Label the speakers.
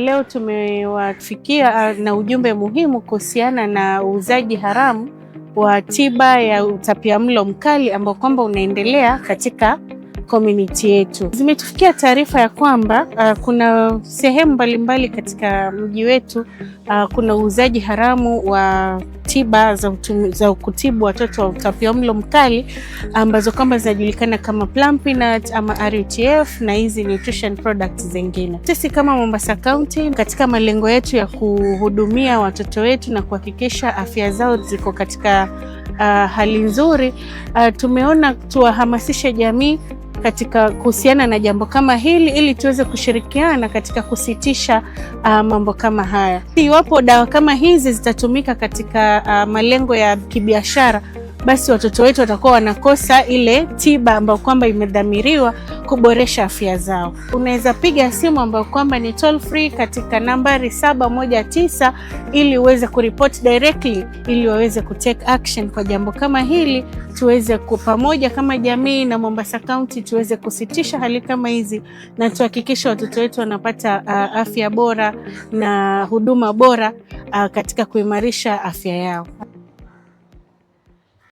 Speaker 1: Leo tumewafikia ah, na ujumbe muhimu kuhusiana na uuzaji haramu wa tiba ya utapiamlo mkali ambao kwamba unaendelea katika community yetu. Zimetufikia taarifa ya kwamba uh, kuna sehemu mbalimbali katika mji wetu uh, kuna uuzaji haramu wa tiba za, za kutibu watoto wa utapiamlo mkali ambazo kwamba zinajulikana kama plumpinut ama RUTF na hizi nutrition products zingine. Sisi kama Mombasa County, katika malengo yetu ya kuhudumia watoto wetu na kuhakikisha afya zao ziko katika uh, hali nzuri uh, tumeona tuwahamasishe jamii katika kuhusiana na jambo kama hili ili tuweze kushirikiana katika kusitisha uh, mambo kama haya. Iwapo dawa kama hizi zitatumika katika uh, malengo ya kibiashara, basi watoto wetu watakuwa wanakosa ile tiba ambayo kwamba imedhamiriwa kuboresha afya zao. Unaweza piga simu ambayo kwamba ni toll free katika nambari 719 ili uweze kuripoti directly ili waweze kutake action kwa jambo kama hili, tuweze pamoja kama jamii na Mombasa County tuweze kusitisha hali kama hizi na tuhakikishe watoto wetu wanapata uh, afya bora na huduma bora uh, katika kuimarisha afya yao.